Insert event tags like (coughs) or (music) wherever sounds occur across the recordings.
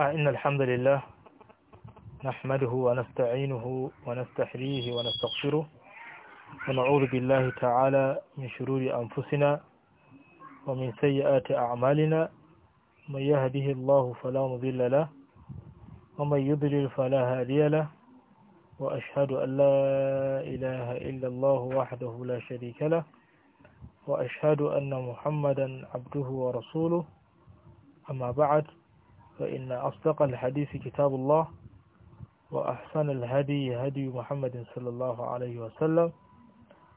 آه، إن الحمد لله نحمده ونستعينه ونستحريه ونستغفره ونعوذ بالله تعالى من شرور أنفسنا ومن سيئات أعمالنا من يهده الله فلا مضل له ومن يضلل فلا هادي له وأشهد أن لا إله إلا الله وحده لا شريك له وأشهد أن محمدا عبده ورسوله أما بعد فإن أصدق الحديث كتاب الله وأحسن الهدي هدي محمد صلى الله عليه وسلم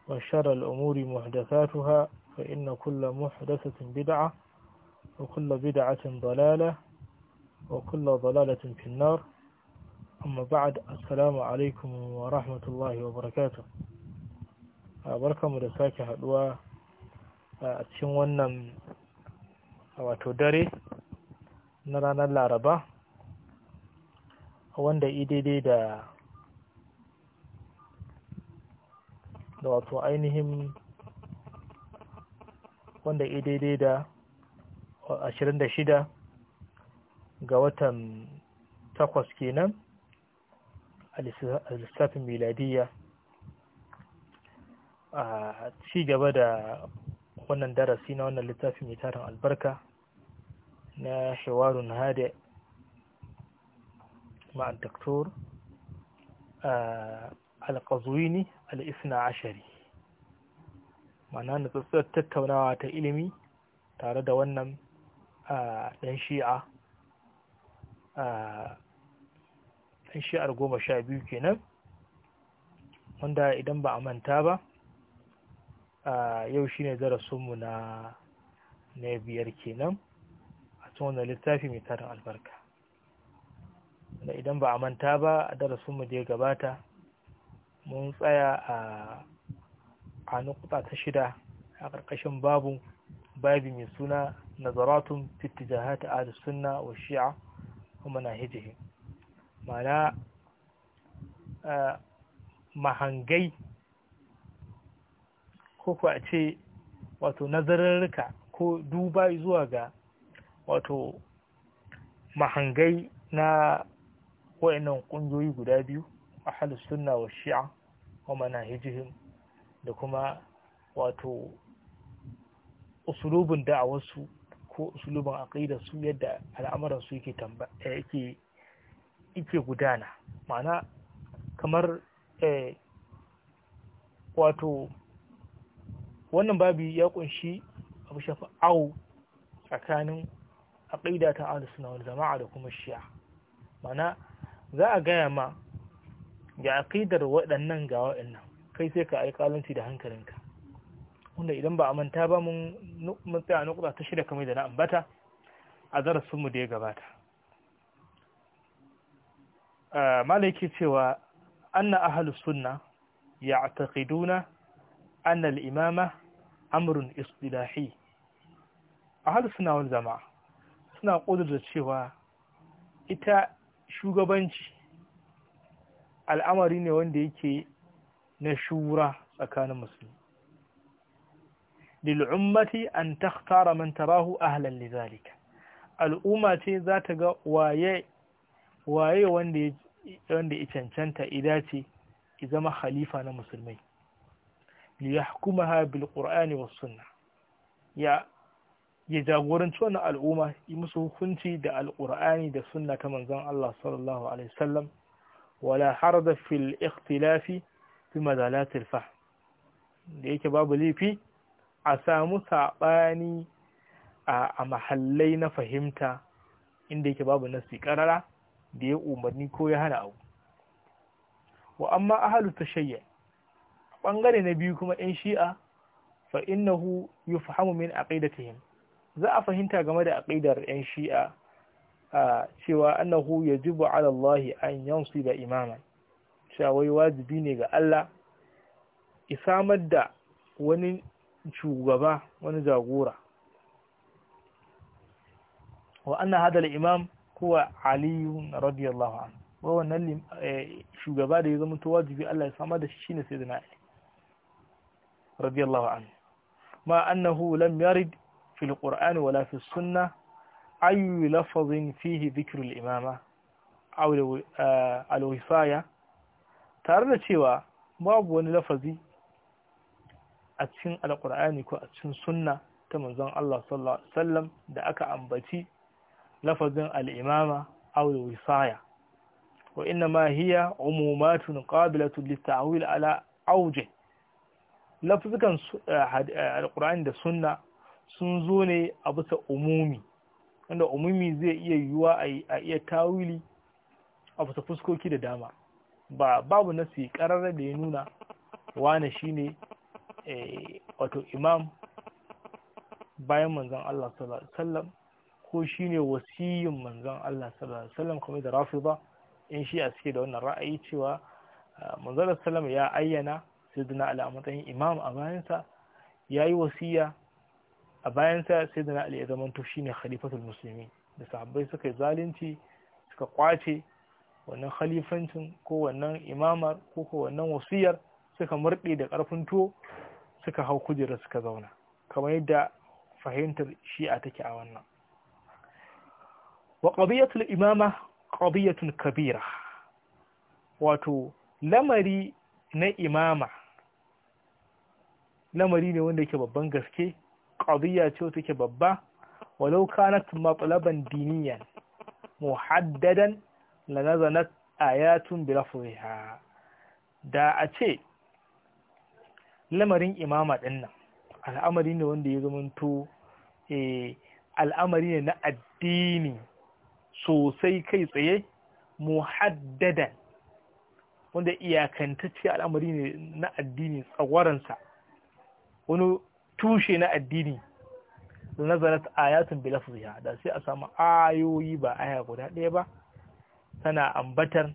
وشر الأمور محدثاتها فإن كل محدثة بدعة وكل بدعة ضلالة وكل ضلالة في النار أما بعد السلام عليكم ورحمة الله وبركاته بركة مرساك هدوى أتشن ونم wato na ranar laraba wanda daidai da da wato ainihin wanda daidai da 26 ga watan takwas kenan a lissafin miladiya a ci gaba da wannan darasi na wannan littafin mai tarin albarka na shawarun hada مع al القزويني الاثنى ashari mana na tsatsar tattaunawa ta ilimi tare da wannan ɗan shi'a ɗan shi'ar goma sha biyu kenan wanda idan ba a manta ba yau shine darasinmu na biyar kenan cikin wannan littafi mai tarin albarka da idan ba a manta ba a darasinmu da ya gabata mun tsaya a a kuta ta shida a ƙarƙashin babu babi mai suna nazaratun fitijahat a sunna wa shi'a kuma na hijihi mana mahangai ko ku ce wato nazararrika ko duba zuwa ga wato mahangai na wayannan ƙungiyoyi guda biyu ahlus sunna wa shi'a wa manahijihim da kuma wato usulubin da'awarsu ko usulubin aqidar su yadda al'amuran su eh, yake gudana ma'ana kamar eh wato wannan babi ya kunshi abu shafi au tsakanin aqida ta ahlus sunna wal jama'a da kuma shi'a mana za a gaya ma ga aqidar waɗannan ga waɗannan kai sai ka alƙalanci da hankalinka wanda idan ba a manta ba mun mun tsaya nukuda ta shida kamar da na ambata a darasin mu da ya gabata malaki cewa anna ahlus sunna ya'taqiduna anna al-imama amrun istilahi ahlus sunna wal jama'a suna ƙudurta cewa ita shugabanci al'amari ne wanda yake na shura tsakanin musulmi lil'ummati an takhtara man tarahu ahlan zalika al'umma ce za ta ga waye waye wanda wanda ya cancanta idace ya zama khalifa na musulmai li yahkumaha bil qur'ani was sunnah ya ya jagoranci wannan al'umma yi musu hukunci da alƙur'ani da sunna ta manzon Allah sallallahu alaihi wasallam wala harda fil ikhtilafi fi madalatil fahm da yake babu laifi a samu saɓani a mahallai na fahimta inda yake babu nasi ƙarara da ya umarni ko ya hana abu wa amma ahalu shayya ɓangare na biyu kuma 'yan shi'a fa innahu yufhamu min aqidatihim za a fahimta game da aqidar yan shi'a a cewa annahu yajibu ala Allah an yansiba imaman cewa wai wajibi ne ga Allah isamar da wani shugaba wani jagora wa anna hada al-imam huwa Ali radiyallahu anhu wa wannan e, shugaba da ya zama to wajibi Allah ya samar da shi shine sayyidina Ali radiyallahu anhu ma annahu lam yarid في القرآن ولا في السنة أي لفظ فيه ذكر الإمامة أو الوفاية تعرض شوى باب وني لفظي أتشن على القرآن كو أتشن سنة تمزان الله صلى الله عليه وسلم da aka ambaci lafazin al'imama au da wisaya wa ina ma hiya umumatun ƙabilatun littawil ala auje lafuzukan al'ur'ani da sunna sun zo ne a bisa umumi wanda umumi zai iya yiwuwa a iya tawili a bisa fuskoki da dama ba babu nasi ƙararra da ya nuna wane shine eh, wato imam bayan manzan Allah sallallahu ko shi ko shine wasiyin manzan Allah sallallahu kuma da rafi ba in shi a suke da wannan ra'ayi cewa eh, manzan Sallam ya ayyana sai Ali al'amatsayin matsayin imam a bayansa ya yi wasiya a bayan sa sai da na'ali ya zamanto shi ne khalifatul musulmi da sahabbai suka yi zalunci suka kwace wannan khalifancin ko wannan imamar ko ko wannan wasiyar suka murɗe da karfin to suka hau kujera suka zauna kamar yadda fahimtar shi'a take a wannan wa qadiyatul imama qadiyatun kabira wato lamari na imama lamari ne wanda yake babban gaske qadiyya ce take babba walau kanat matlaban diniyan muhaddadan la nazalat ayatun bi lafziha da a ce lamarin imama din al'amari ne wanda ya zamanto eh al'amari ne na addini sosai kai tsaye muhaddadan wanda iyakantacce al'amari ne na addini tsawaransa wani tushe na addini nazarat ayatun bi lafziha da sai a samu ayoyi ba aya guda ɗaya ba tana ambatar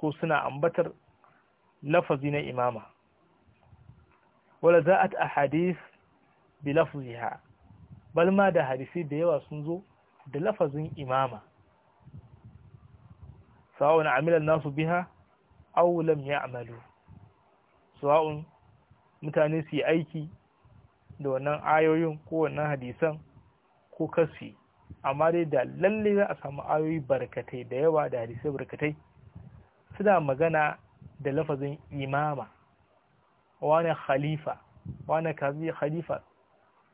ko suna ambatar lafazi na imama wala za'at ahadith bi lafziha bal ma da hadisi da yawa sun zo da lafazin imama sawa'un amila nasu biha aw lam ya'malu sawa'un mutane su yi aiki da wannan ayoyin ko wannan hadisan ko kasfi amma dai da lalle za a samu ayoyi barkatai da yawa da hadisai barkatai suna magana da lafazin imama wani khalifa wani kazi khalifa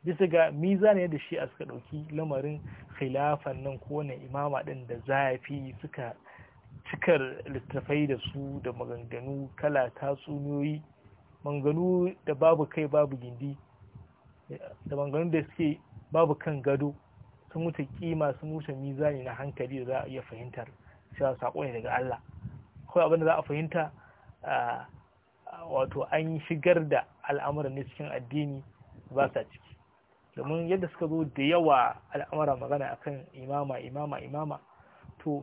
bisa ga mizani da shi a suka ɗauki lamarin khilafan nan ko wani imama ɗin da zafi suka cikar littattafai da su da maganganu kala tatsuniyoyi manganu da babu kai babu gindi da bangaren da suke babu kan gado sun wuce kima sun wuce mizani na hankali da za a iya fahimtar cewa sako ne daga Allah kawai abinda da za a fahimta wato an shigar da al'amuran ne cikin addini ba sa ciki domin yadda suka zo da yawa al'amura magana akan imama imama imama to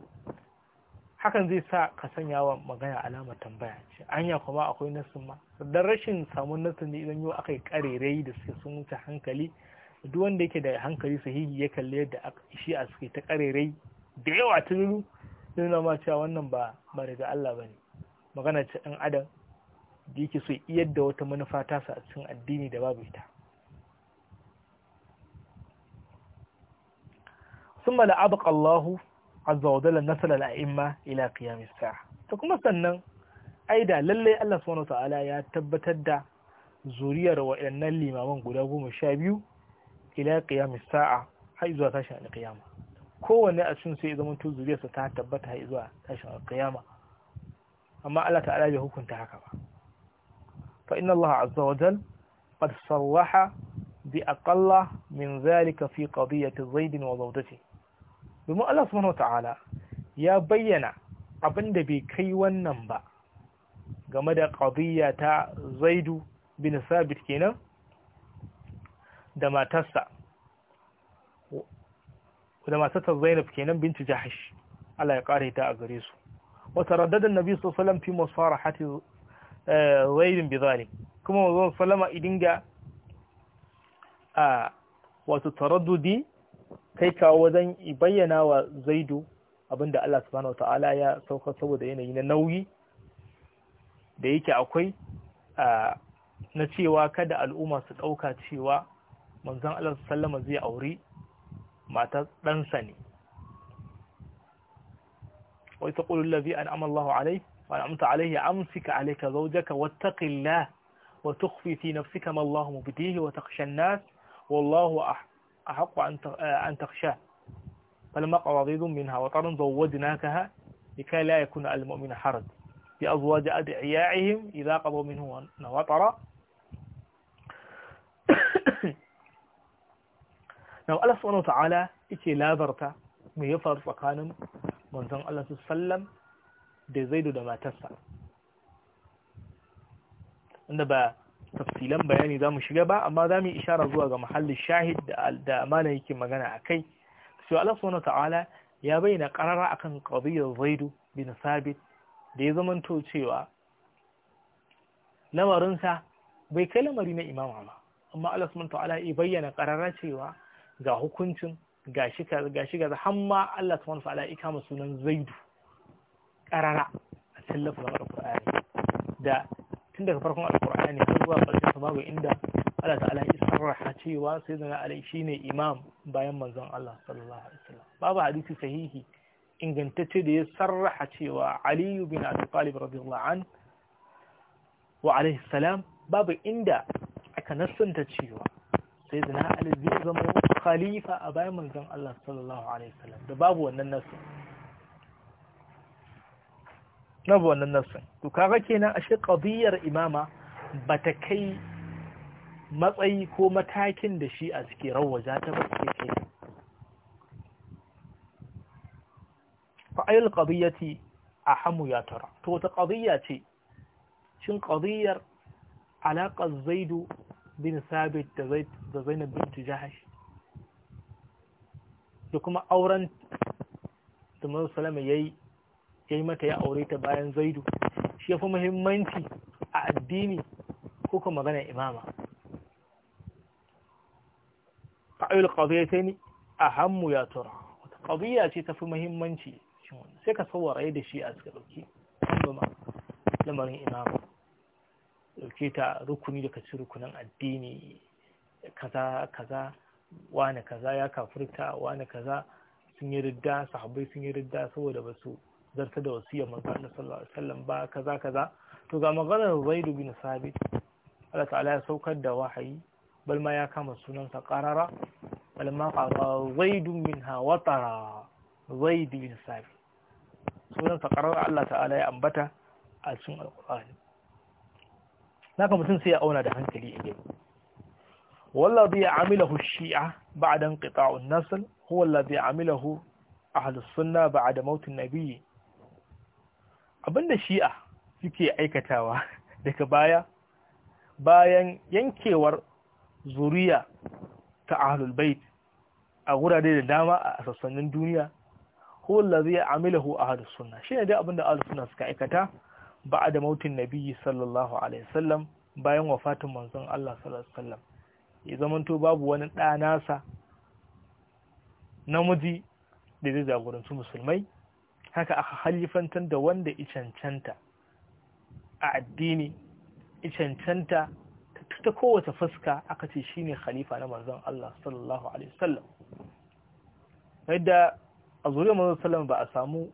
hakan zai sa ka sanya wa magana alamar tambaya ce anya kuma akwai nasin ma don rashin samun nasin ne idan yau aka yi karerai da suke sun wuce hankali duk wanda yake da hankali sahihi ya kalli yadda shi a suke ta karerai da yawa ta nuna ma cewa wannan ba ba daga Allah ba ne magana ce ɗan adam da yake so iyar da wata manufa tasa a cikin addini da babu ita sun mala abu Allahu azza wa jalla nasala al'imma ila qiyamis sa'a to kuma sannan ai da lalle Allah subhanahu wa ta'ala ya tabbatar da zuriyar waɗannan limaman guda goma sha biyu ila qiyamis sa'a har zuwa tashin qiyama kowanne a cikin sai zama to zuriyarsa ta tabbata har zuwa tashin qiyama amma Allah ta'ala bai hukunta haka ba fa inna Allah azza wa jalla qad sarraha bi aqalla min zalika fi qadiyati zaid wa zawjatihi domin Allah subhanahu wata'ala ya bayyana abin da bai kai wannan ba game da qadiyya ta Zaidu bin Sabit kenan da matarsa da matarsa Zainab kenan binti Jahash Allah ya kare ta a gare su wata raddadan Nabi sallallahu alaihi wasallam fi musarahati eh, Zaid bi zalik kuma manzon sallama idinga a ah, wato taraddudi kai kawo wajen bayyana wa zaidu abinda Allah subhanahu ta'ala ya sauka saboda yanayi na nauyi da yake akwai na cewa kada al'umma su ɗauka cewa manzon Allah sallama zai auri mata ɗansa ne wai ta ƙulun labi an amallahu alai wa amta alaihi amsika alaika zaujaka wattaqillah wa tukhfi fi nafsika ma Allah mubdihi wa nas wallahu أحق أن آه، تخشاه فلما قرضيض منها وطر زودناكها لكي لا يكون المؤمن حرج بأزواج أدعياعهم إذا قضوا منه وطر لو (coughs) نعم، ألا سبحانه وتعالى إكي لا ذرت من يفر فقان من زن الله سلم دي زيد دما تسع عندما tafsilan bayani za mu shiga ba amma za mu yi ishara zuwa ga muhallin shahid da amana yake magana a kai sai Allah subhanahu ta'ala ya bayyana karara akan qadiyar Zaid bin Sabit da ya zamanto cewa lamarinsa bai kai lamari na imama ba amma Allah subhanahu ta'ala ya bayyana karara cewa ga hukuncin gashi gashi ga hamma Allah subhanahu ta'ala ya kama sunan Zaid karara a cikin lafazin Qur'ani da tun daga farkon alkur'ani har zuwa ƙarshen sa babu inda Allah ta'ala ya sarraha cewa sai zana alai shine imam bayan manzon Allah sallallahu alaihi wasallam babu hadisi sahihi ingantacce da ya sarraha cewa Ali bin Abi Talib radiyallahu an wa alaihi salam babu inda aka nassanta cewa sai zana alai zai zama khalifa a bayan manzon Allah sallallahu alaihi wasallam da babu wannan nasu na wannan nassin to kaga kenan ashe qadiyar imama bata kai matsayi ko matakin da shi a suke rawaza ta ba ke fa fa'ayil qadiyati ahamu ya tara to wata qadiya ce shin qadiyar alaƙar zaidu bin sabit da zainab bin jahash da kuma auren da manzo salama yayi ya yi mata ya aure ta bayan zaidu shi ya fi muhimmanci a addini ko kuma magana imama fa'il qadiyatayn ahammu ya tura wata qadiya ce ta fi muhimmanci sai ka sawara da shi a cikin dauki kuma lamarin imama dauke ta rukuni daga cikin rukunin addini kaza kaza wani kaza ya kafirta wani kaza sun yi ridda sahabbai sun yi ridda saboda ba su zarta da wasiyar manzo Allah sallallahu alaihi wasallam ba kaza kaza to ga maganar Zaid bin Sabit Allah ta'ala ya saukar da wahayi bal ma ya kama sunansa qarara bal ma qara Zaid minha watara Zaid bin Sabit sunansa qarara Allah ta'ala ya ambata a cikin alqur'ani naka mutum sai ya auna da hankali a yau والذي عمله الشيعة بعد انقطاع النسل هو الذي عمله أهل السنة بعد موت النبي Abin da shi'a suke aikatawa daga baya bayan yankewar zuriya ta ahlul bait a wurare da dama a sassanin duniya hu zai amilahu ahlus sunna shine dai abinda ahlus sunna suka aikata da mautin nabiyyi sallallahu alaihi wasallam bayan wafatin manzon Allah sallallahu alaihi wasallam ya zamanto babu wani ɗa nasa namiji da zai jagoranci musulmai haka aka halifantar da wanda icancanta a addini icancanta ta kowace fuska aka ce shi ne khalifa na manzan Allah sallallahu alaihi wasallam yadda a zuriyar manzan sallallahu ba a samu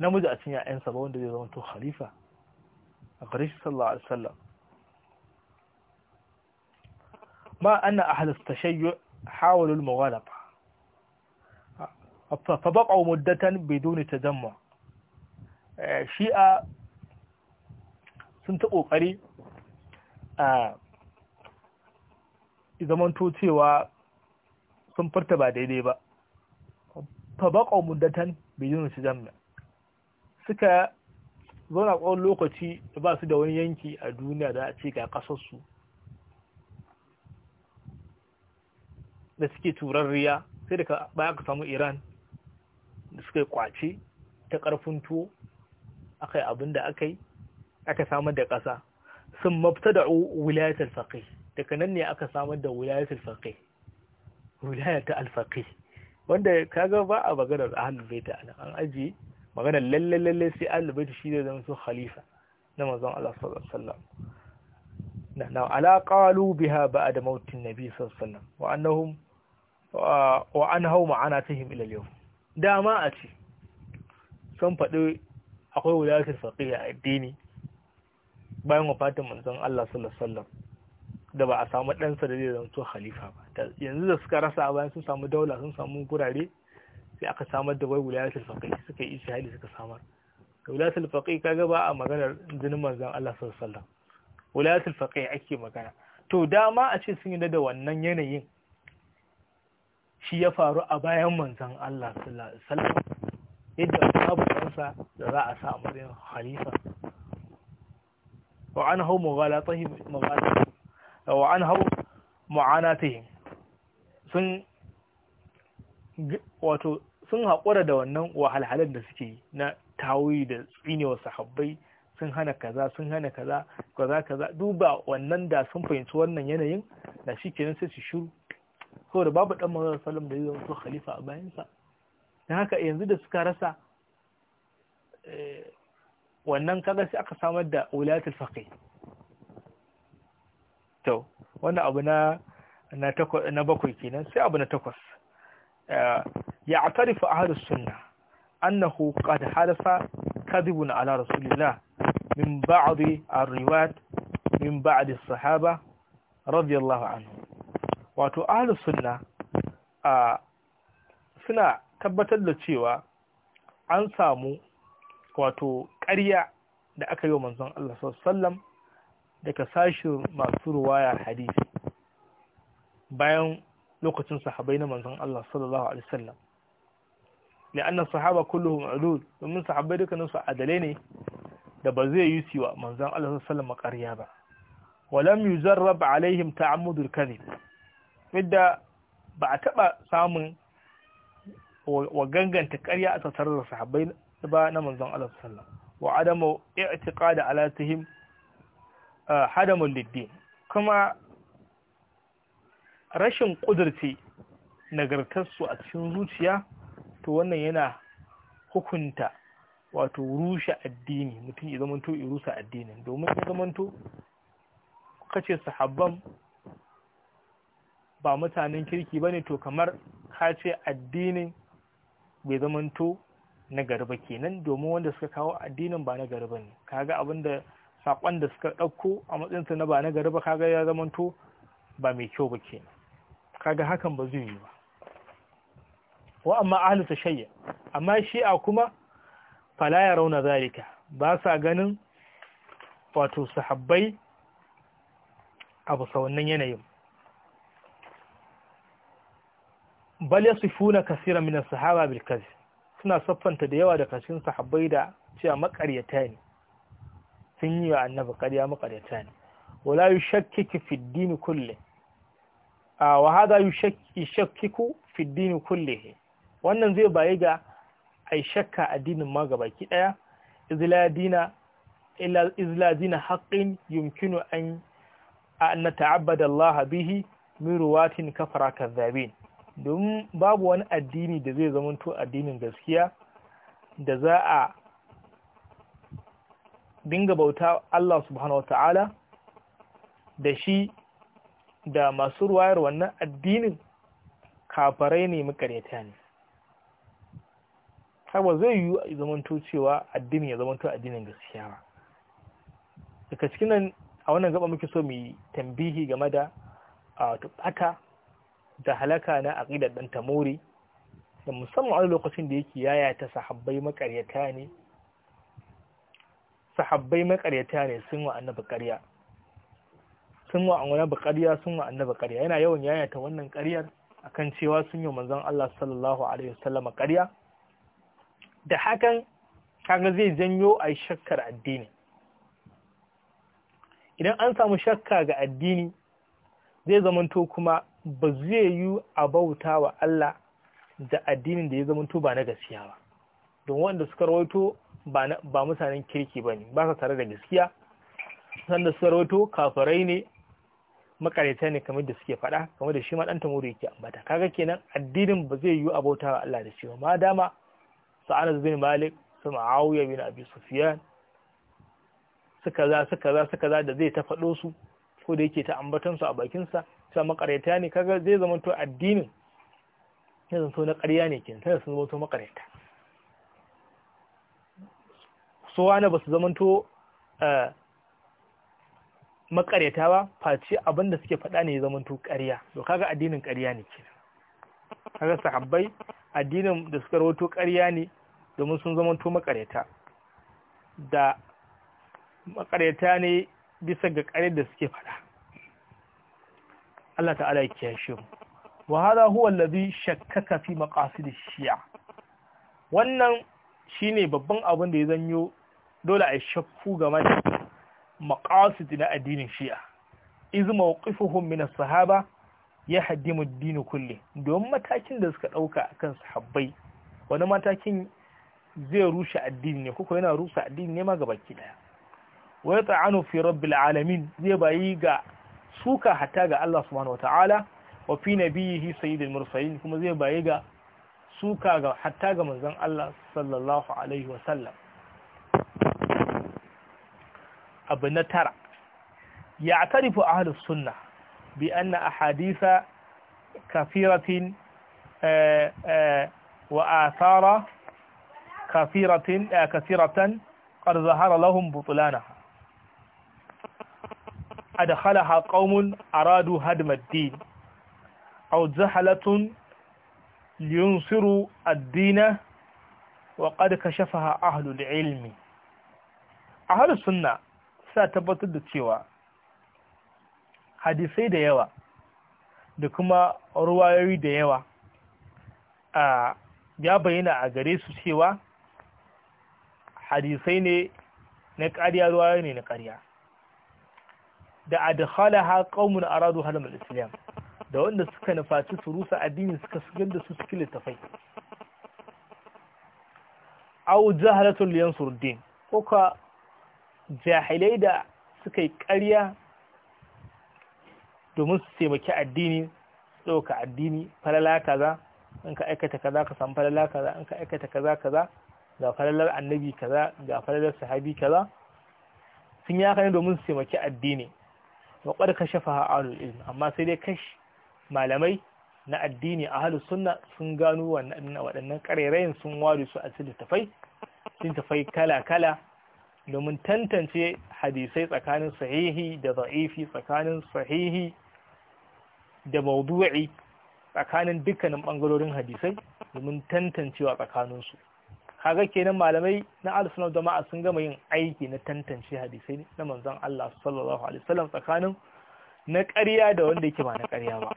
namiji a cikin ƴaƴansa ba wanda zai zama to khalifa a gare shi sallallahu alaihi wasallam ma anna a tashayyu hawalu hawalul mawalafa فبقعوا مدة بدون تجمع shi'a sun ta ƙoƙari a eh, zamanto cewa sun furta ba daidai ba tabakon muddatan bejin su jamna suka zauna tsawon lokaci da ba su da wani yanki a duniya da a ga ƙasarsu da suke turarriya, sai daga baya ka samu iran da suka kwace ta ƙarfin tuwo aka yi abin da aka yi aka samar da ƙasa sun mafta da wilayatul faƙi daga nan ne aka samar da wilayatul faƙi wilayatul alfaƙi wanda kaga ba a maganar ahlul baiti ana an ajiye maganar lalle lalle sai ahlul baiti shi da zama su khalifa na mazan Allah sallallahu alaihi wasallam na ala qalu biha ba'da mautin nabi sallallahu alaihi wasallam wa annahum wa anhaw ma'anatihim ila al dama a ce sun faɗi akwai wulatar faqih a addini bayan wafatin manzon Allah sallallahu da ba a samu ɗansa da zai zanto Halifa ba yanzu da suka rasa a bayan sun samu daula sun samu gurare sai aka samar da wai wulatar faqih suka yi shahadi suka samar wulatar faqih ka ba a maganar jinin manzon Allah sallallahu alaihi wasallam ake magana to dama a ce sun yi da wannan yanayin shi ya faru a bayan manzan Allah sallallahu yadda babu kansa da za a sa amarin halifa wa an hau mughalatihim wa an hau mu'anatihim sun wato sun haƙura da wannan wahalhalar da suke yi na tawi da tsinewa sahabbai sun hana kaza sun hana kaza kaza kaza duba wannan da sun fahimci wannan yanayin da shi kenan sai su shiru saboda babu dan manzon sallam da zai zama khalifa a bayansa dan haka yanzu da suka rasa wannan kaga sai aka samar da wulatul faqih to wannan abu na na takwas na bakwai kenan sai abu na takwas ya atarifu ahlus sunna annahu qad halafa kadhibun ala rasulillah min ba'd ar-riwayat min ba'd as-sahaba radiyallahu anhu wato ahlus sunna a suna tabbatar da cewa an samu wato ƙarya da aka yi wa manzon Allah sallam daga sashin masu ruwaya hadisi bayan lokacin sahabai na manzon Allah sallallahu alaihi wasallam li'anna sahaba kulluhum udul domin sahabbai dukkanin su adalai ne da ba zai yi siwa manzon Allah sallallahu alaihi wasallam ƙarya ba walam yuzarrab alaihim ta'ammudul kadhib yadda ba a taɓa samun wa ganganta ƙarya a sassar da sahabbai ba na manzon Allah sallam wa adamu i'tiqada ala tihim hadamul liddin kuma rashin kudurci nagartarsu a cikin zuciya to wannan yana hukunta wato rushe addini mutum ya zamanto ya rusa addinin domin ya zamanto kace sahabban ba mutanen kirki ba ne to kamar ka ce addinin bai zamanto na garba kenan domin wanda suka kawo addinin ba na garba ne kaga abin da saƙon da suka ɗauko a matsayinsa na ba na garba kaga ya zamanto ba mai kyau ba kenan kaga hakan ba zai yi ba wa amma ahlu tashayya amma shi a kuma fala ya rauna zalika ba sa ganin wato sahabbai abu sa wannan yanayin bal yasifuna kaseeran min as-sahaba bil kadhib suna saffanta da yawa daga cikin sahabbai da cewa makaryata ne sun yi wa annabi ƙarya makaryata ne wala yushakkiku fi ad-din kulli a wa hada yushakkiku fi ad-din kullihi wannan zai bayi ga ai shakka addinin ma gabaki daya izladina illa izladina haqqin yumkinu an an nata'abbada Allah bihi min ruwatin kafara kadhabin domin babu wani addini da zai zamanto addinin gaskiya da za a dinga bauta Allah subhanahu ta'ala da shi da masu ruwayar wannan addinin kafarai ne makareta ne saboda zai yi zamanto cewa addini ya zamanto addinin gaskiya ba daga cikin nan a wannan gaba muke so mu yi tambihi game da a da halaka na aqidar dan tamuri da musamman a lokacin da yake yaya ta sahabbai makaryata ne sahabbai makaryata ne sun wa annabi ƙarya sun wa annabi ƙarya sun wa annabi ƙarya yana yawan yaya ta wannan ƙaryar akan cewa sun yi manzon Allah sallallahu alaihi wasallam ƙarya da hakan kaga zai janyo a shakkar addini idan an samu shakka ga addini zai zamanto kuma ba zai yi a bauta wa Allah da addinin da ya zama ba na gaskiya ba don wanda suka rawaito ba mutanen kirki ba ne ba sa tare da gaskiya wanda suka rawaito kafarai ne makarita ne kamar da suke faɗa kamar da shi ma ɗan tamuru yake ambata kaga kenan addinin ba zai yi a bauta wa Allah da shi ba ma dama sa'anas bin malik su ma'awiya bin abi sufiyan suka za suka za suka za da zai ta faɗo su ko da yake ta ambatansu a bakinsa cewa makareta ne kaga zai zama to addinin ya to na ƙarya ne ke sai sun zama to makareta so wani ba su zama to eh, makareta ba face abin da suke faɗa ne ya zama to ƙarya to kaga addinin ƙarya ne ke kaga sahabbai addinin da suka rawato ƙarya ne domin sun zama to makareta da makareta ne bisa ga ƙaryar da suke faɗa Allah ta'ala ya kiyashe wa hada huwa allazi shakkaka fi maqasid shia wannan shine babban abin da ya zanyo dole a shakku game da maqasid na addinin shi'a iz mawqifuhum min as-sahaba yahdimu ad-din kulli don matakin da suka dauka akan sahabbai wani matakin zai rushe addini ne kuka yana rusa addini ne ma gabaki daya wa ta'anu fi rabbil alamin zai bayi ga suka hatta ga Allah subhanahu wataala wa fi nabiyihi sayyidul mursalin kuma zai baye ga suka ga hatta ga manzon Allah sallallahu alaihi wasallam sallam abu na tara يعترف أهل السنة بأن أحاديث كثيرة آآ آآ وآثار كثيرة كثيرة قد ظهر لهم بطلانها adkhalaha qaumun aradu hadmaddin ad-din aw zahalatun liyunsiru ad-dina wa qad kashafaha ahlul ilmi ahlu sunna sa tabbatar da cewa hadisai da yawa da kuma ruwayoyi da yawa a ya bayyana a gare su cewa hadisai ne na ƙarya ruwayoyi ne na ƙarya da adkhalaha qaumun aradu halam al-islam da wanda suka nufaci su rusa addini suka sigar da su cikin littafai aw jahalatul yansur din ko ka jahilai da suka yi ƙarya domin su taimaki addini ɗauka addini falala kaza in ka aikata kaza ka san falala kaza in ka aikata kaza kaza ga falalar annabi kaza ga falalar sahabi kaza sun yi haka ne domin su taimaki addini wa qad a ahlul ilm amma sai dai kash malamai na addini ahlus sunna sun gano waɗannan karerayen sun ware su a cikin tafai sun tafai kala kala domin tantance hadisai tsakanin sahihi da za'ifi tsakanin sahihi da maudu'i tsakanin dukkanin ɓangarorin hadisai domin tantancewa tsakaninsu kaga kenan malamai na al jama'a sun gama yin aiki na tantance hadisai na manzon Allah sallallahu alaihi wasallam tsakanin na ƙarya da wanda yake ba na ƙarya ba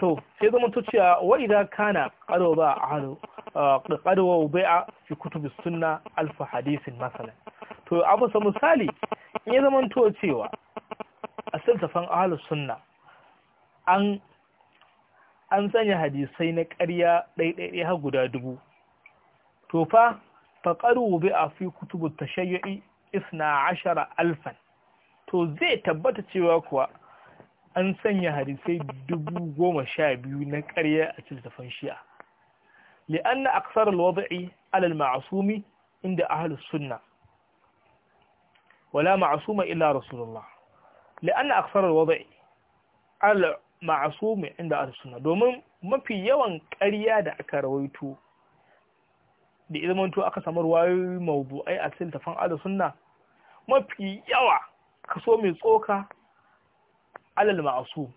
to sai zama to cewa wa idan kana qarwa ahlu wa bai'a fi kutubi sunna alf hadisin masalan to abu sa misali in ya zama to cewa a sirtafan ahlus sunna an an sanya hadisai na ƙarya ɗaiɗaiɗai har guda dubu to fa faƙaru bi a fi kutubu shayyai isna ashara alfan to zai tabbata cewa kuwa an sanya hadisai dubu goma sha biyu na ƙarya a cikin shi'a na aksar alwada'i alal ma'asumi inda ahlus sunna wala ma'asuma illa rasulullah na aksar alwada'i Alal. mai inda arsuna domin mafi yawan karya da aka rawaito da ilmanto aka samu ruwayoyi mawdu'ai a cikin tafan ala mafi yawa kaso mai tsoka alal ma'asu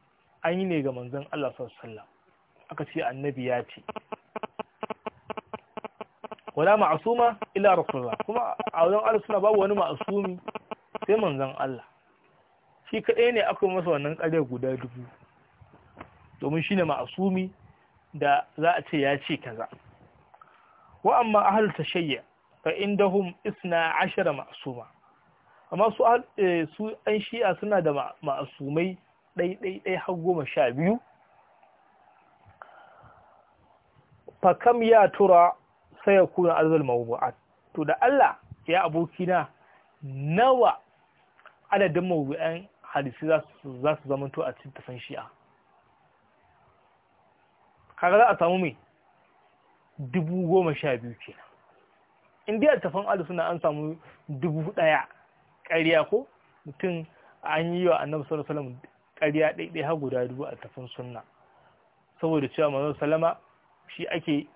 an yi ne ga manzon Allah sallallahu aka ce annabi ya ce wala ma'asuma ila rasulullah kuma a wajen ala babu wani ma'asumi sai manzon Allah shi kaɗai ne akwai masa wannan ƙarya guda dubu domin shine ma'asumi da za a ce ya ce kaza wa amma shayya tashayya fa indahum isna ashara ma'asuma amma su eh, an shi'a suna da ma'asumai ɗaiɗaiɗai dai har goma sha biyu fa kam ya tura sai ya kuna arzal to da Allah ya abokina nawa adadin mawubu'an hadisi za su zamanto a cikin tafan shi'a kaga za a samu mai dubu goma sha biyu ke in dai a tafan suna an samu dubu ɗaya ƙarya ko mutum an yi wa annabi sallallahu alaihi wasallam ƙarya ɗaiɗai har guda dubu a tafin sunna saboda cewa manzon salama shi ake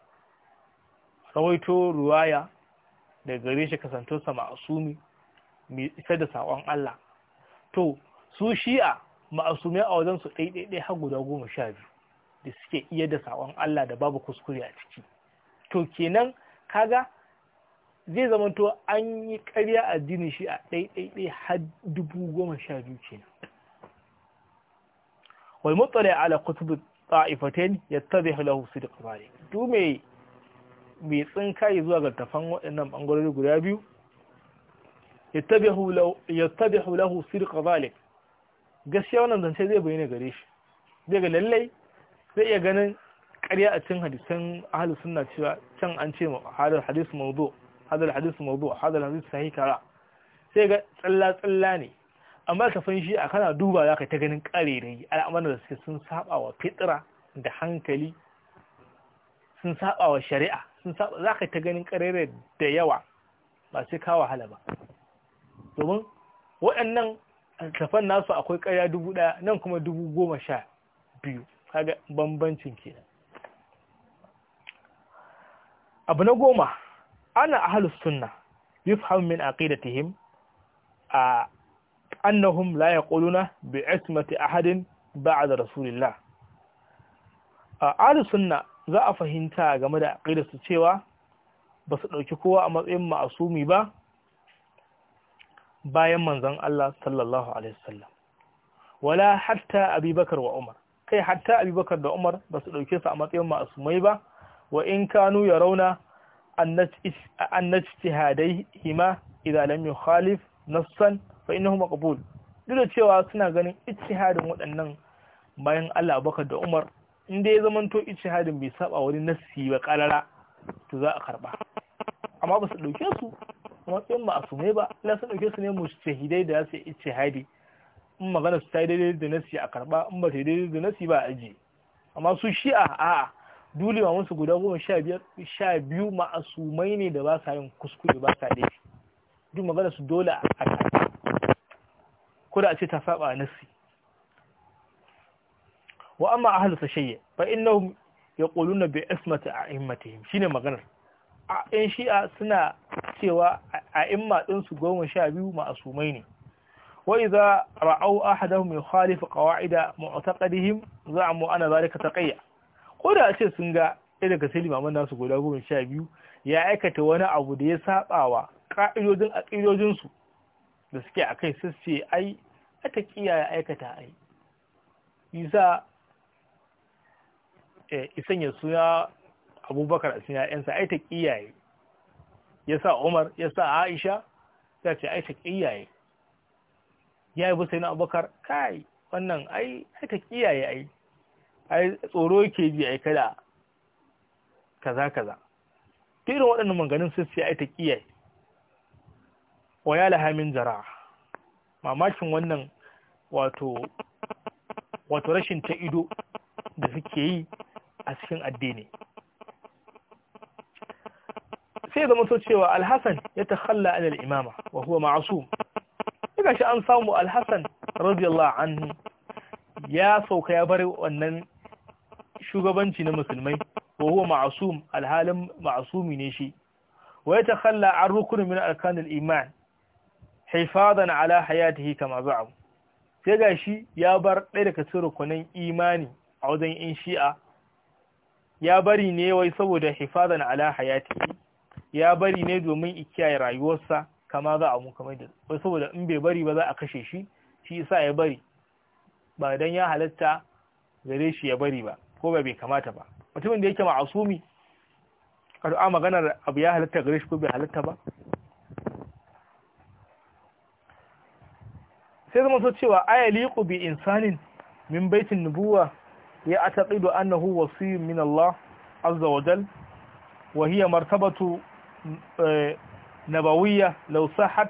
rawaito ruwaya da gare shi kasantarsa ma'asumi mai isa da saƙon Allah to su shi'a ma'asumai a wajen su ɗaiɗaiɗai har guda goma sha biyu da suke iya da saƙon Allah da babu kuskure a ciki to kenan kaga zai zamanto an yi ƙarya addinin shi a ɗaiɗaiɗai har dubu goma sha biyu kenan wal ya ala kutubu ta'ifatain yattabihu lahu da zalik duk mai mai kayi zuwa ga tafan waɗannan ɓangarori guda biyu Ya yattabihu lahu da zalik gaskiya wannan zance zai bayyana gare shi ga lallai sai iya ganin ƙarya a cin hadisan ahlus sunna cewa can an ce hadal hadis mawdu hadal hadis mawdu hadal hadis sahih kara sai ga tsalla tsalla ne amma ka fan shi a kana duba ka ta ganin ƙarerai al'amuran da suke sun saba wa fitra da hankali sun saba wa shari'a sun saba ka ta ganin ƙarere da yawa ba sai ka wahala ba domin waɗannan tafan nasu akwai ƙarya dubu ɗaya nan kuma dubu goma sha biyu kaga bambancin kenan abu na goma ana ahlus sunna yufham min aqidatihim a annahum la yaquluna bi ismati ahadin ba'da rasulillah a ahlus sunna za a fahimta game da aqidarsu cewa ba su dauki kowa a matsayin ma'asumi ba bayan manzon Allah sallallahu alaihi wasallam wala hatta abubakar wa umar kai hatta abubakar da umar ba su ɗauke su a matsayin ma'asumai ba wa in kanu ya rauna an na hadai hima idanen lam yi khalif nassan fa inahu maqbul duk da cewa suna ganin hadin waɗannan bayan Allah abubakar da umar inda ya zamanto hadin bai saba wani nassi ba karara to za a karba amma ba su ɗauke su a matsayin ma'asumai ba Allah sun ɗauke su ne shahidai da za su yi hadi in magana su ta yi daidai da nasi a karba in ba ta yi daidai da nasi ba a aji amma su shi'a a dole ma musu guda goma sha biyu ma'asumai ne da ba sa yin kuskure ba sa daidai. duk magana su dole a karba ko da a ce ta saba a nasi wa amma ahlus shayya fa innahum yaquluna bi ismati a'immatihim shine maganar a yan shi'a suna cewa a imma su goma sha biyu ma'asumai ne وإذا رأوا أحدهم يخالف قواعد معتقدهم زعموا أن ذلك تقيا koda a ce sun ga ɗaya daga sai limaman nasu guda goma sha biyu ya aikata wani abu da ya saɓawa ƙa'idodin aƙidodinsu da suke a kai sai ce ai aka kiya ya aikata ai isa isan suna abubakar a suna yansa ai ta kiyaye ya umar yasa aisha ta ce ai ta kiyaye ya yi sai na abokar kai wannan ai aika kiyaye ai ai tsoro ke ji ai kada kaza kaza ta irin waɗannan manganin sun sai ai ta kiyaye wa ya lahamin zara mamakin wannan wato wato rashin ta ido da suke yi a cikin addini sai zama to cewa alhassan ya takhalla alal imama wa huwa ma'asum suka shi an samu alhassan radiyallahu anhu ya sauka ya bar wannan shugabanci na musulmai ko huwa ma'asum alhalin ma'asumi ne shi wa ya takhalla an rukunin min alkanin iman hifadan ala hayatihi kama za'a sai ga shi ya bar ɗaya daga cikin rukunin imani a wajen in shi'a ya bari ne wai saboda hifadan ala hayatihi ya bari ne domin ikiyaye rayuwarsa kama za a mu kamar da wai saboda in bai bari ba za a kashe shi shi yasa ya bari ba dan ya halatta gare shi ya bari ba ko ba bai kamata ba mutumin da yake ma'asumi a magana abu ya halatta gare shi ko bai halatta ba sai zama so cewa aya liqu bi insanin min baitin nubuwa ya ataqidu annahu wasiyyun min Allah azza wa jal wa hiya martabatu eh, نبوية لو صحت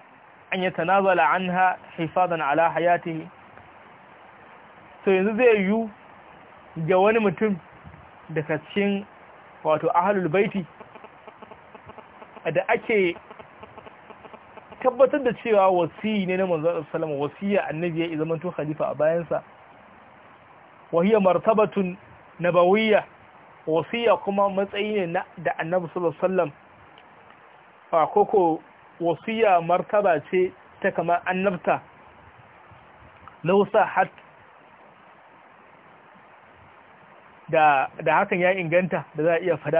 أن يتنازل عنها حفاظا على حياته so yanzu zai yiwu ga wani mutum daga cikin wato ahalul baiti da ake tabbatar da cewa wasiyi ne na manzon sallama wasiya annabi ya zama to khalifa a bayansa wahiya martabatun nabawiyya wasiya kuma matsayi ne da annabi sallallahu alaihi wasallam koko wasiya martaba ce ta kama annabta lausa hat da hakan ya inganta da za a iya fada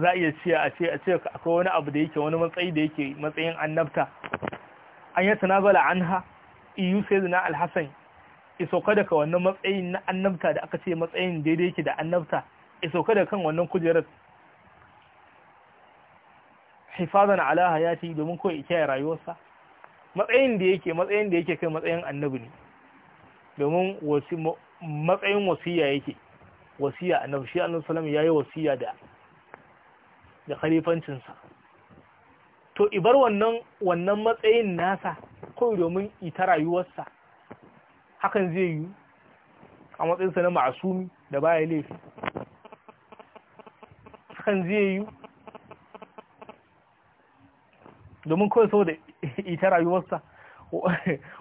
za a iya ce a ce a ce akwai wani abu da yake wani matsayi da yake matsayin annabta an yi an anha iyu sai zina alhassan kada daga wannan matsayin na annabta da aka ce matsayin daidai yake da annabta isoka daga kan wannan kujerar hifazan ala hayati domin kawai ya rayuwarsa matsayin da yake matsayin da yake kai matsayin annabi ne domin matsayin wasiya yake wasiya annabi shi annabi Salam ya yi wasiya da da khalifancinsa to ibar wannan wannan matsayin nasa kawai domin ita rayuwarsa hakan zai yi a matsayinsa na ma'asumi da baya laifi hakan zai yi domin kawai da ita rayuwarsa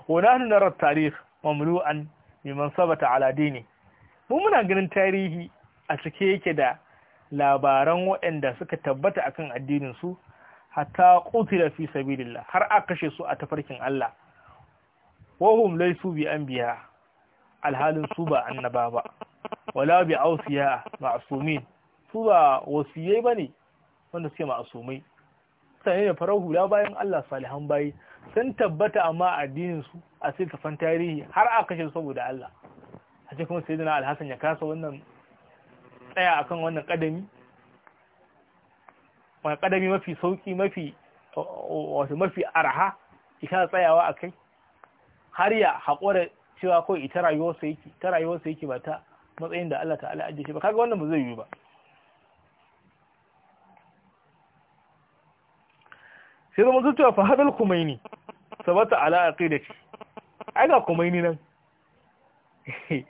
wa nahnu nara tarikh mamlu'an liman sabata ala dini mu muna ganin tarihi a cike yake da labaran waɗanda suka tabbata akan addinin su hatta qutila fi sabilillah har aka kashe su a tafarkin Allah wa hum laysu bi anbiya alhalin su ba annaba ba wala bi ausiya ma'sumin su ba wasiyai bane wanda suke ma'sumai sanye ne farar hula bayan Allah salihan bayi sun tabbata amma addinin su a sai kafan tarihi har a kashe saboda Allah a ce kuma sayyidina alhassan ya kasa wannan tsaya akan wannan kadami wani kadami mafi sauki mafi wato mafi arha ita tsayawa a kai har ya haƙura cewa kawai ita rayuwarsa yake ta rayuwarsa yake ba ta matsayin da Allah ta'ala ajiye shi ba kaga wannan ba zai yi ba sai zama zuciya fa hadal kumaini sabata ala shi. ai ga kumaini nan (laughs)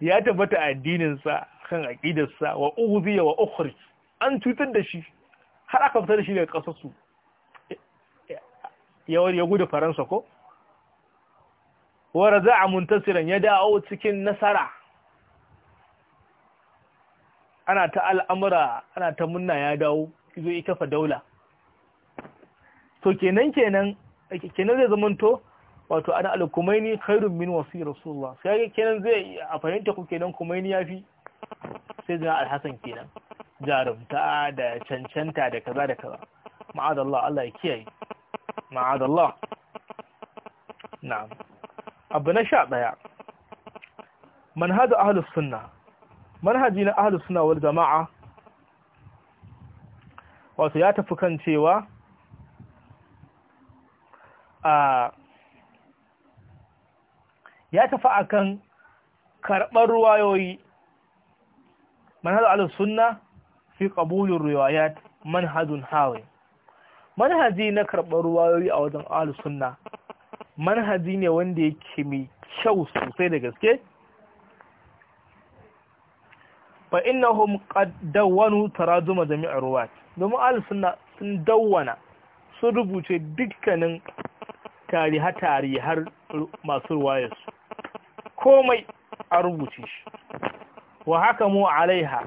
ya tabbata addinin sa kan aqidarsa wa uziya wa ukhrij an cutar da shi har aka fitar da shi daga kasar su ya ya gudu faransa ko wa raza'a muntasiran ya dawo cikin nasara ana ta al'amura ana ta munna ya dawo izo ya daula to kenan kenan kenan zai zamanto wato ana al-kumaini khairun min wasi rasulullah sai kenan zai a fahimta ku kenan kumaini yafi sai zai al-hasan kenan jarumta da cancanta da kaza da kaza ma'adallah Allah ya kiyaye ma'adallah na'am abu na sha daya manhaj ahlus sunna manhaji na ahlus sunna wal jama'a wato ya tafi kan cewa ya tafi a kan karɓar ruwayoyi manhaj al-sunna fi qabulin riwayat manhajun hawi manhaji na karɓar ruwayoyi a wajen al-sunna manhaji ne wanda yake mai kyau sosai da gaske Ba fa innahum ƙaddawanu tara zuma jami'ar ruwat domin al-sunna sun dawwana sun rubuce dukkanin tariha har masu ruwayarsu komai a rubuce shi wa haka mu alaiha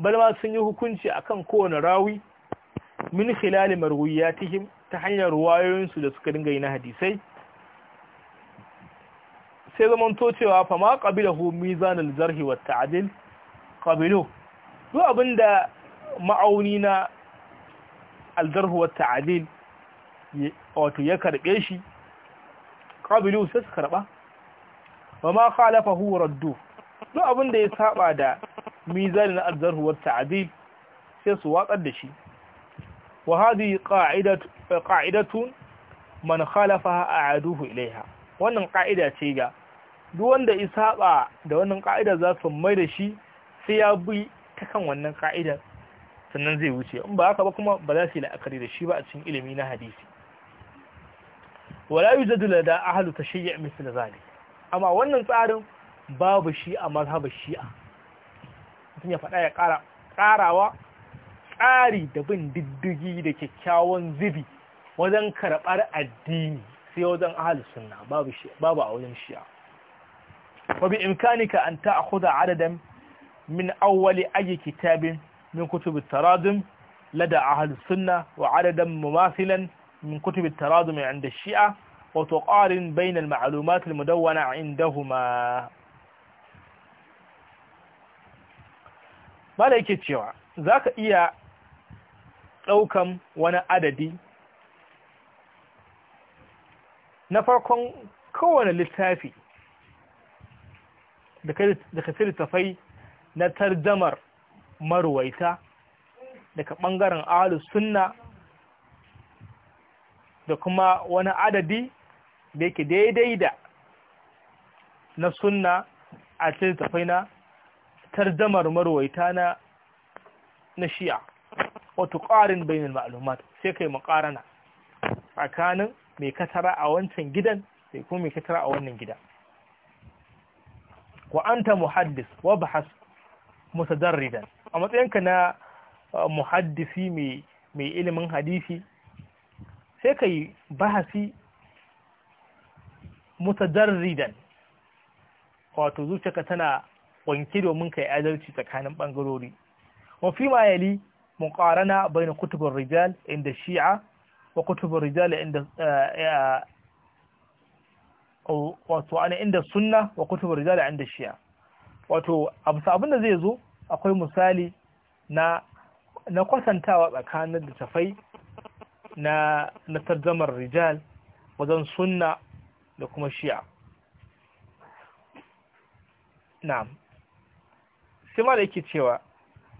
balma sun yi hukunci akan kowane rawi min khilali marwiyatihim ta hanyar ruwayoyinsu da suka dinga yi na hadisai sai zamanto cewa fa ma qabilahu mizanul zarhi wa ta'adil ƙabilu. zuwa abinda ma'auni na aljarhu wa ta'adil wato ya karbe shi qabilu sai su karba wa khalafahu raddu duk abin da ya saba da mizanin aljarhu wa ta'adil sai su watsar da shi wa hadhihi qa'idatu qa'idatun man khalafaha a'aduhu ilaiha wannan ka'ida ce ga duk wanda ya saba da wannan ka'ida za su mai da shi sai ya bi ta kan wannan ka'idar sannan zai wuce in ba haka ba kuma ba za su yi la'akari da shi ba a cikin ilimi na hadisi wala yujadu lada ahlu tashayyu misl zalik amma wannan tsarin babu shi a mazhabar shi'a mutum ya faɗa ya kara ƙarawa tsari da bin diddigi da kyakkyawan zubi wajen karɓar addini sai wajen ahlu sunna babu babu a wajen shi'a wa bi imkanika an ta'khudha adadan min awwali ayi kitabin min kutub taradum lada ahli sunna wa adadan mumathilan min kutub taradum inda shi'a wa tuqarin bayna al ma'lumat al mudawwana indahuma bala yake cewa zaka iya daukan wani adadi na farkon kowane littafi da ka littafai na tarjamar Marwaita daga ɓangaren alu sunna da kuma wani adadi da yake daidai da na sunna a cikin tafai na tarjamar marwaita na na shi'a wato ƙarin bainin ma'alumat sai kai makarana tsakanin mai katara a wancan gidan sai kuma mai katara a wannan gida wa anta muhaddis wa bahas mutadarridan a matsayinka na uh, muhaddisi mai ilimin hadisi sai ka yi bahasi mutadarridan wato zuciyarka tana wanke domin ka yi adalci tsakanin ɓangarori wafi ma yali muqarana bayan kutubin rijal inda shi'a wa kutubin rijal inda uh, uh, wato ana inda sunna wa kutubin rijal inda shi'a wato abu abinda zai zo akwai misali na na kwatantawa tsakanin littafai na na tarzamar rijal wajen sunna da kuma shi'a na'am sai ma da yake cewa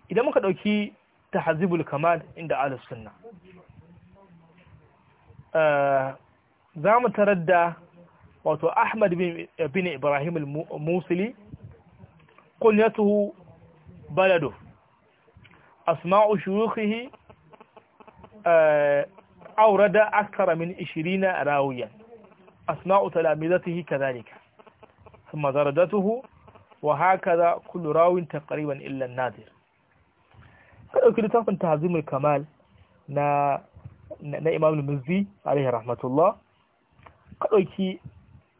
idan muka ɗauki tahzibul kamal inda ala sunna eh, za mu tarar da wato Ahmad bin Ibrahim al-Musili kunyatuhu بلده أسماء شيوخه آه، أورد أكثر من 20 راويا أسماء تلامذته كذلك ثم درجته وهكذا كل راوي تقريبا إلا النادر فأكد تقفل تعظيم الكمال نا نا المزي عليه رحمة الله قد أكي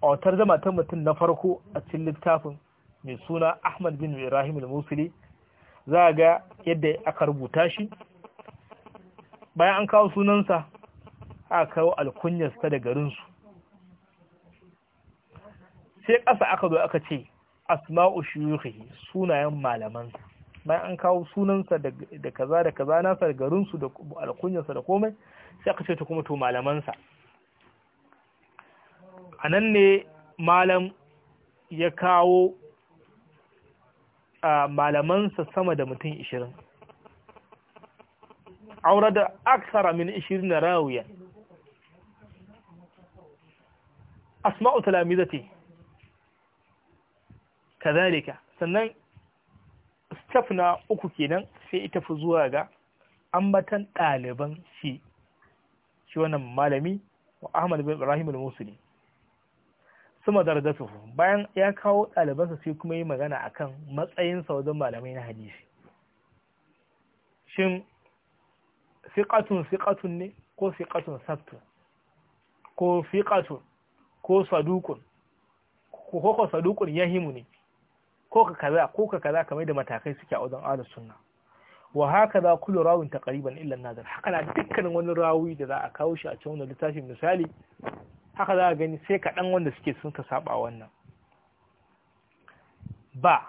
أعترض ما تمت النفرك أتل التافن من سونة أحمد بن إبراهيم الموسلي za ga yadda aka rubuta shi bayan an kawo sunansa aka kawo alkunyarsa da garinsu sai ƙasa aka zo aka ce asma'u shuyukhi sunayen malamansa bayan an kawo sunansa da kaza da kaza nasa da garinsu da alkunyarsa da komai sai aka ce ta kuma to malamansa a nan ne malam ya kawo A malamansa sama da mutum ishirin aure da aksara min ishirin na rawiya asma'u talamizati kazalika sannan staff na uku kenan sai ita fi zuwa ga ambatan ɗaliban shi shi wannan malami wa ahmad bin ibrahim al-musuli suma su bayan ya kawo ɗalibansa sai kuma yi magana akan matsayinsa wajen malamai na hadisi shin siƙatun siƙatun ne ko siƙatun Sabtu? ko fiƙatun ko sadukun ko ko sadukun himu ne ko ka kaza ko ka kaza kamar da matakai suke a wajen ahlus sunna wa haka za kullu rawin taqriban illa nazar haka na dukkanin wani rawi da za a kawo shi a cikin littafin misali haka za a gani sai kaɗan wanda suke sun ka saba wannan ba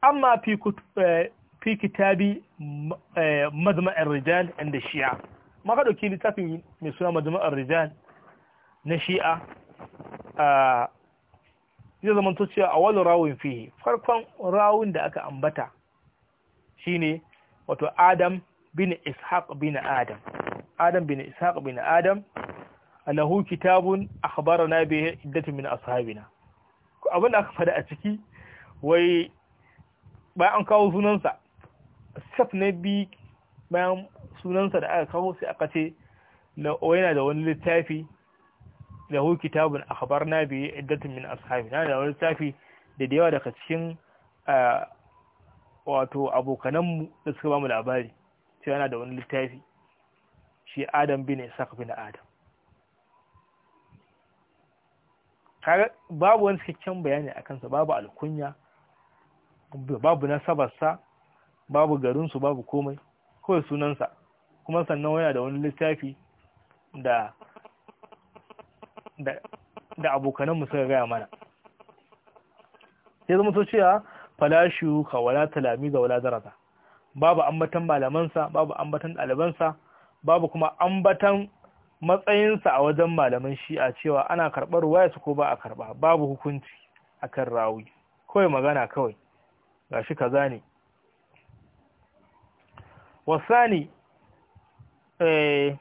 amma fi eh, kitabi eh, mazma'ar rijal inda shi'a maka ɗauki littafin mai suna mazma'ar rijal na shi'a ah, zai zama to a wani rawun fiye farkon rawun da aka ambata shine wato adam bin ishaq bin adam adam bin ishaq bin adam lahu kitabun akhbarana bi iddatu min ashabina abin da aka fada a ciki wai bayan an kawo sunansa saf na bi bayan sunansa da aka kawo sai aka ce yana da wani littafi lahu kitabun akhbarana bi iddatu min ashabina da wani littafi da da daga cikin wato abokananmu da suka bamu labari sai yana da wani littafi shi Adam bin Isaac bin Adam kaga babu wani cikakken bayani a kansa babu alkunya babu nasabarsa babu garinsu babu komai kawai sunansa kuma sannan yana da wani littafi da da da abokananmu suka gaya mana sai zama so cewa falashu ka wala talami ga wala darasa babu ambatan malamansa babu ambatan ɗalibansa babu kuma ambatan matsayinsa a wajen malaman shi'a cewa ana karɓar wayarsa ko ba a karɓa babu hukunci akan rawi kawai magana kawai shi kaza ne wasani eh,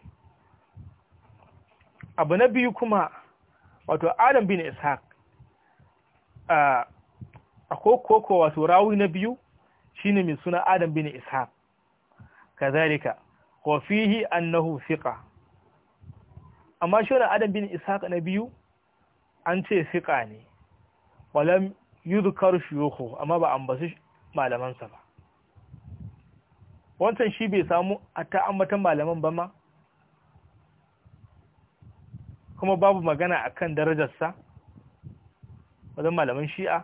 abu na biyu kuma wato adam bin ishaq a koko wato rawi na biyu shine mai suna adam bin ishaq kazalika wa fihi annahu thiqa amma shi wani adam bin ishaq na biyu an ce fiƙa ne walam shi shuyukhu amma ba an basu malamansa ba wancan shi bai samu a ta'ammatan malaman ba ma kuma babu magana a kan darajarsa wajen malaman shi'a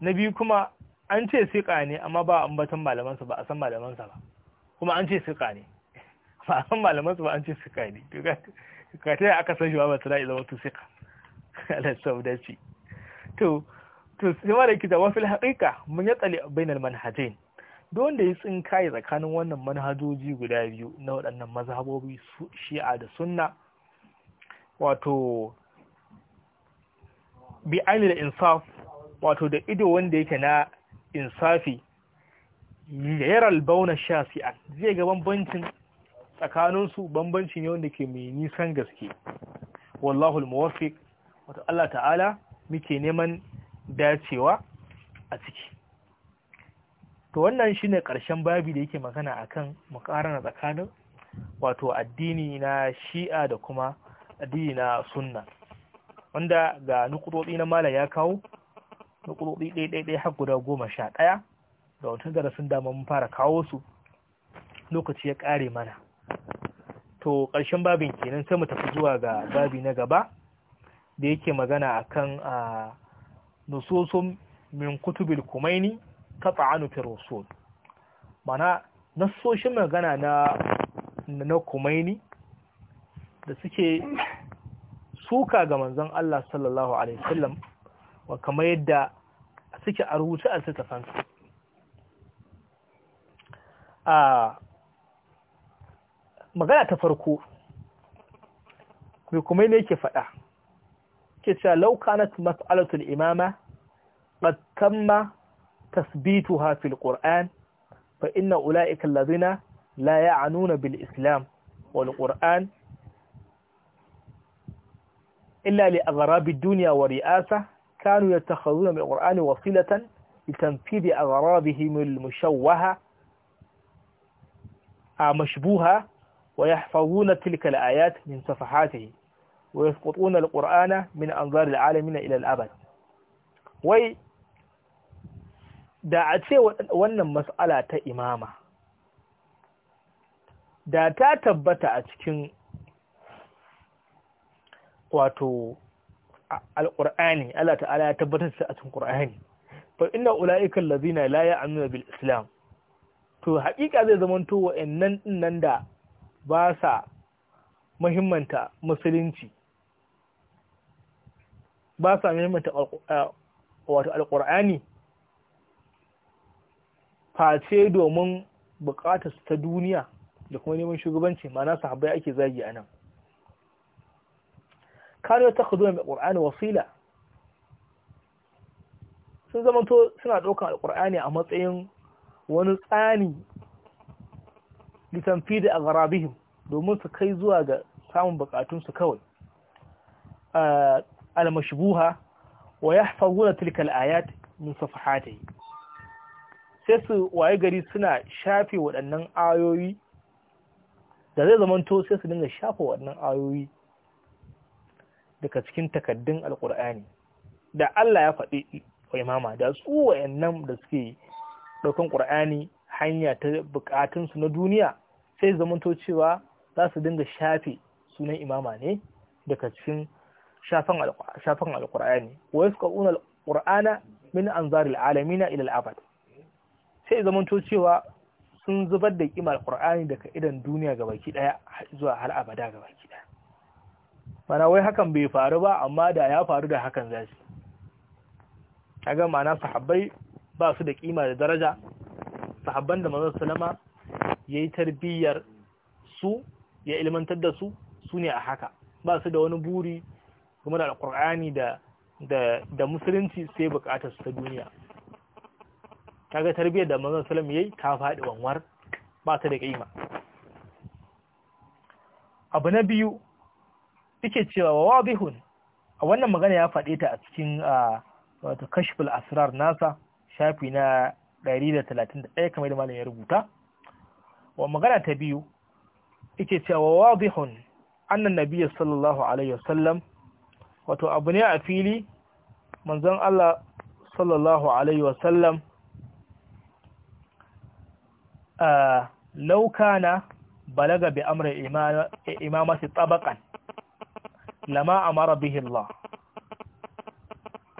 na biyu kuma an ce siƙa ne amma ba ambatan malamansa ba a san malamansa ba kuma an ce siƙa ne (laughs) ba a san malamansa ba an ce siƙa ne ka ta aka san shi ba masana ila sika ala saudaci to to sai ma da kita wa fil haqiqa mun ya tsali bainal manhajin duk wanda ya tsinkaye tsakanin wannan manhajoji guda biyu na waɗannan mazhabobi shi'a da sunna wato bi da insaf wato da ido wanda yake na insafi yayar albauna shafi'a zai ga bambancin tsakaninsu bambanci ne wanda ke mai nisan gaske wallahul muwaffiq wato Allah ta'ala muke neman dacewa a ciki to wannan shine karshen babi da yake magana akan mukarana tsakanin wato addini na shi'a da kuma addini na sunna wanda ga nukudodi na malam ya kawo nukuɗoɗi ɗaiɗaiɗai har guda goma sha ɗaya da wata darasin dama mun fara kawo su lokaci ya ƙare mana to ƙarshen babin kenan sai mu tafi zuwa ga babi na gaba da yake magana akan a nususun min kutubil kumaini qat'anu fi rasul mana nassoshin magana na kumaini da suke suka ga manzon Allah sallallahu alaihi wasallam wa kamar yadda suke a rubuce a littafansa a magana ta farko mai kuma ne yake faɗa ke cewa laukanat mas'alatul imama qad tamma tasbituha fil qur'an fa inna ulaika alladhina la ya'nuna bil islam wal qur'an illa li aghrab ad dunya wa ri'asa kanu yattakhadhuna bil qur'an wasilatan li لتنفيذ أغرابهم المشوهة مشبوهة ويحفظون تلك الآيات من صفحاته ويسقطون القرآن من أنظار العالمين إلى الأبد وي داعتي وانا مسألة إماما داعتا تبتع تكين واتو القرآن ألا تعالى تبتع تكين القرآن فإن أولئك الذين لا يعملون بالإسلام تو حقيقة زمانتو وإنن نندا ba sa muhimmanta musulunci ba sa muhimmanta wato alƙur'ani face domin buƙatar ta duniya da kuma neman shugabanci mana sahabbai ake zagi a nan kare ta kudu mai ƙur'ani wasila sun zama to suna ɗaukar Al-ƙur'ani a matsayin wani tsani litamfi da agharabihim domin su kai zuwa ga samun bukatunsu kawai al-mashbuha wa yahfazuna tilka al-ayat min safahatihi sai su waye gari suna shafe waɗannan ayoyi da zai zamanto sai su dinga shafa waɗannan ayoyi daga cikin takaddun alkur'ani da Allah ya faɗi wa imama da su wayannan da suke ɗaukan ƙur'ani hanya ta bukatunsu na duniya sai zamanto cewa za su dinga shafe sunan imama ne daga cikin shafan alkur'ani wa yasu ƙa'unar ƙur'ana min an zari alamina ilal abad sai zamanto cewa sun zubar da ƙimar alkur'ani daga idan duniya ga baki ɗaya zuwa har abada ga baki ɗaya mana wai hakan bai faru ba amma da ya faru da hakan za kaga mana sahabbai ba su da ƙima da daraja sahabban da manzon sallama yayi tarbiyyar su ya ilmantar da su su ne a haka ba su da wani buri game da alkur'ani da da musulunci sai bukatar su ta duniya kaga tarbiyyar da manzon sallam yayi ta faɗi wanwar ba ta da kima abu na biyu yake cewa wa wabihun a wannan magana ya faɗe ta a cikin wato kashful asrar nasa shafi na 131 kamar da malam ya rubuta wa magana ta biyu ike cewa wadihun annan nabiyyi sallallahu alaihi wasallam wato abu ne a fili manzon Allah sallallahu alaihi wasallam a laukana balaga bi amri imamati tabaqan lama amara bihi Allah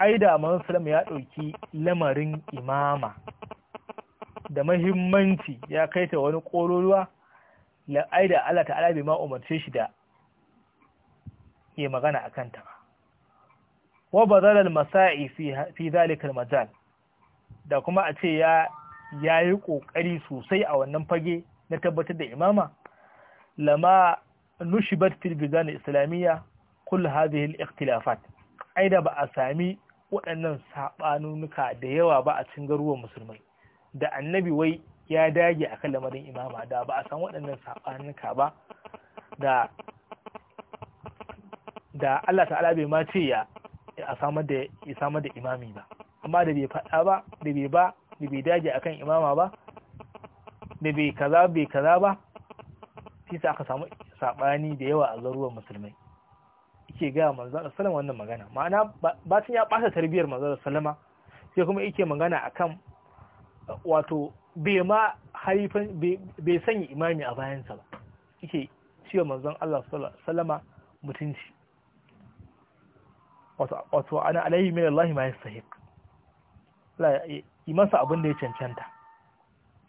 ai da ya ɗauki lamarin imama da mahimmanci ya kai ta wani ƙororuwa ai da Allah ta'ala bai ma umarce shi da ya magana a kanta ba. Wa masa'i fi zalikar majal da kuma a ce ya yi ƙoƙari sosai a wannan fage na tabbatar da imama, lama nushibat fil bizan islamiyya kul hadhihi al-ikhtilafat aida ba a sami waɗannan saɓanunuka da yawa ba a cin garuwan musulmai da annabi wai ya dage a kan lamarin imama da ba a san waɗannan saɓanunuka ba da da Allah ta'ala bai ma ce ya a samar da ya samar da imami ba amma da bai faɗa ba da bai ba da bai dage akan imama ba da bai kaza bai kaza ba sai aka samu saɓani da yawa a garuwan musulmai yake ga manzon sallallahu wannan magana ma'ana ba sun ya ɓata tarbiyar manzon sallama sai kuma yake magana akan wato bai ma haifan bai sanya imami a bayansa ba yake cewa manzo Allah sallama mutunci wato ana alaihi min Allah ma yastahiq la yi masa abin da ya cancanta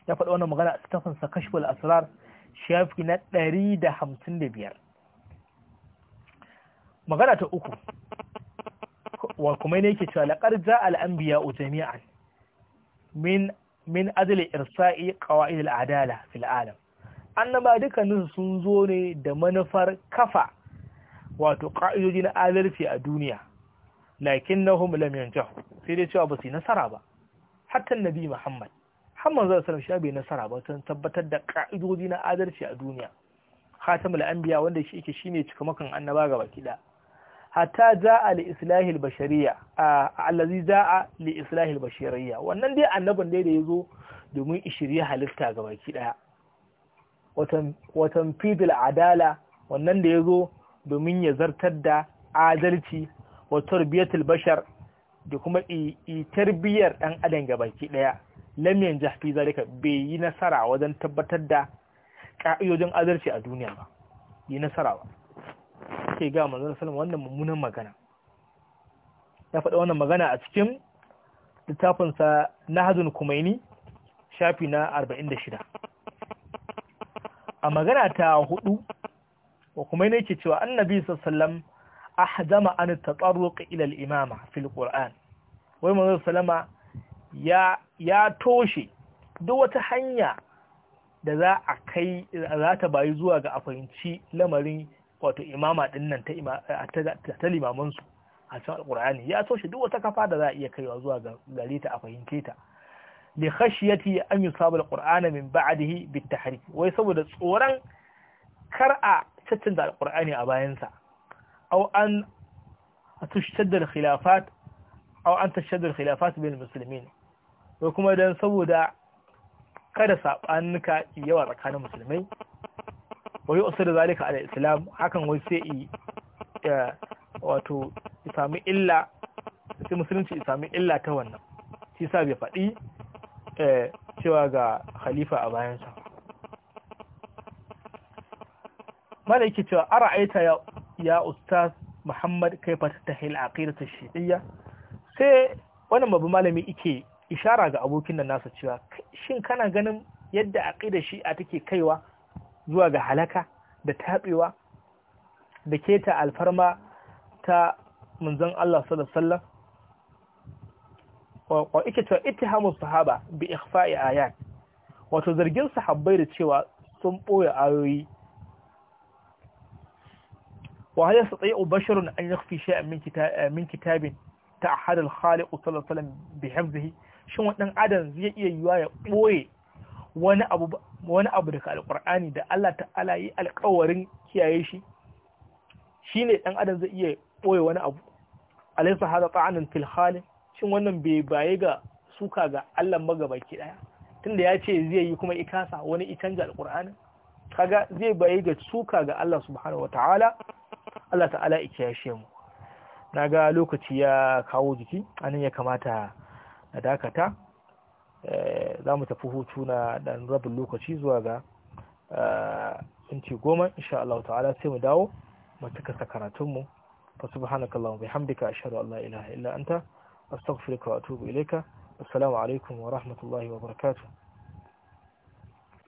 ya faɗi wannan magana a cikin sa kashful asrar shafi na 155 magana ta uku wa kuma ne ke cewa laqad ja'a al-anbiya'u jami'an min min irsa'i ƙawai al-adala fil alam annaba dukkanin sun zo ne da manufar kafa wato ƙa'idodi na adalci a duniya na lam yanjahu sai dai cewa ba su nasara ba hatta nabi muhammad hamman zai sanar shi bai nasara ba don tabbatar da ƙa'idodi na adalci a duniya khatamul anbiya wanda shi yake shine cikamakan annaba gaba kida hatta ja'a li islahil bashariya allazi li islahil bashariya wannan dai annabin dai da yazo domin ishiriya halitta ga baki daya watan watan fidil adala wannan da zo domin ya zartar da adalci wa tarbiyatul bashar da kuma i tarbiyar dan adam ga baki daya lam jahfi fi zalika bai yi nasara wajen tabbatar da ka'iyojin adalci a duniya ba yi nasara ba aka yi ga manzon sallam wannan mummunan magana ya faɗa wannan magana a cikin littafinsa na hazin kumaini shafi na 46 a magana ta hudu wa kumaini yake cewa annabi sallam ahzama an tatsarruq ila al-imama fil qur'an wai manzon sallama ya ya toshe duk wata hanya da za a kai za ta bayi zuwa ga a fahimci lamarin wato imama din nan ta limamansu a cikin alkur'ani ya so shi duk wata kafa da za a iya kaiwa zuwa gare ta a fahimce ta li khashyati an yusaba alqur'ana min ba'dihi bit tahrif wai saboda tsoron kar a caccanta alqur'ani a bayan sa aw an tushtadda alkhilafat aw an tashtadda alkhilafat bil muslimin wai kuma dan saboda kada sabanuka yawa tsakanin musulmai wa yi da zalika ala islam hakan wai sai wato sami illa sai musulunci sami illa ta wannan shi sa bai faɗi eh, cewa ga khalifa a bayansa mala yake cewa ara aita ya ustaz muhammad kai fata ta hil aqida ta shi'iyya sai wannan babu malami yake ishara ga abokin nan nasa cewa shin kana ganin yadda aqida shi'a take kaiwa zuwa ga halaka da taɓewa da ta alfarma ta munzan Allah sallallahu wa ike cewa ittihamu sahaba bi ikhfa'i ayat wato zargin sahabbai da cewa sun ɓoye ayoyi wa hal yastati'u basharun an yakhfi shay'an min eh, min kitabin a al-khaliq sallallahu bi hifzihi shin ɗan adam zai iya yiwa ya ɓoye wani abu wani abu daga alkur'ani da Allah ta'ala yi alkawarin kiyaye shi shine dan adam zai iya boye wani abu alaysa hada ta'anun fil shin wannan bai baye ga suka ga Allah magabaki daya tunda ya ce zai yi kuma ikasa wani itanja alkur'ani kaga zai baye ga suka ga Allah subhanahu wataala Allah ta'ala ya kiyaye mu ga lokaci ya kawo jiki anan ya kamata na dakata Eh, za mu tafi hutu na dan rabin lokaci zuwa ga eh, inci goma insha Allah ta'ala sai mu dawo mu sakaratun karatunmu fa subhanaka Allahumma bihamdika ashhadu an la ilaha illa anta astaghfiruka wa atubu ilayka assalamu alaikum wa rahmatullahi wa barakatuh